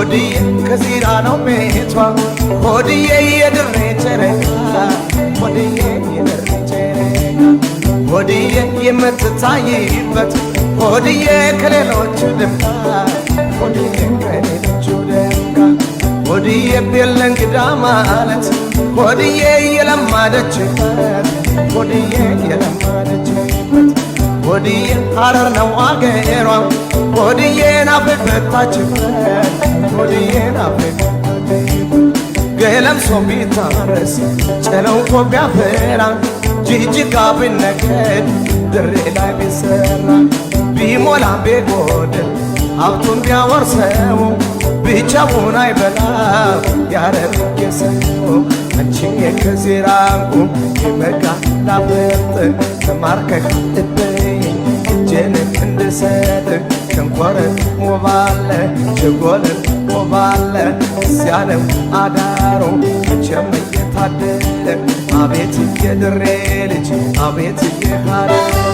ሆድዬ ከዚራ ነው ቤቷ ሆድዬ የድሬ ጨረቃ ሆድዬ የድሬ ጨረቃ ሆድዬ የምትታይበት ሆድዬ ከሌሎቹ ደምቃ ሆድዬ ከሌሎቹ ደምቃ ሆድዬ የለ እንግዳ ማለት ሆድዬ የለማደችበት ሆድዬ የለማደችበት ሆድዬ ሐረር ነው አገሯ ሆድዬን አፌን መታችበት ሆድዬን አፌን ገለምሶ ቢታረስ ጨለው ጨለንኮ ቢያፈራ ጅጅጋ ቢነከድ ድሬ ላይ ቢሰራ ቢሞላ ቢጎድል ሀብቱን ቢያወርሰው ብቻውን አይበላ ያረብጌሰው አንቺን ከዚህ ራቁ ይበቃ ላፈርጥ ተማርከህ እበይኝ እጄንም እንድሰጥ ኮረን ውባለ ጀጎልን ውባለ ሲያለም አዳሮ መቼም እየታደለ አቤት የድሬ ልጅ አቤት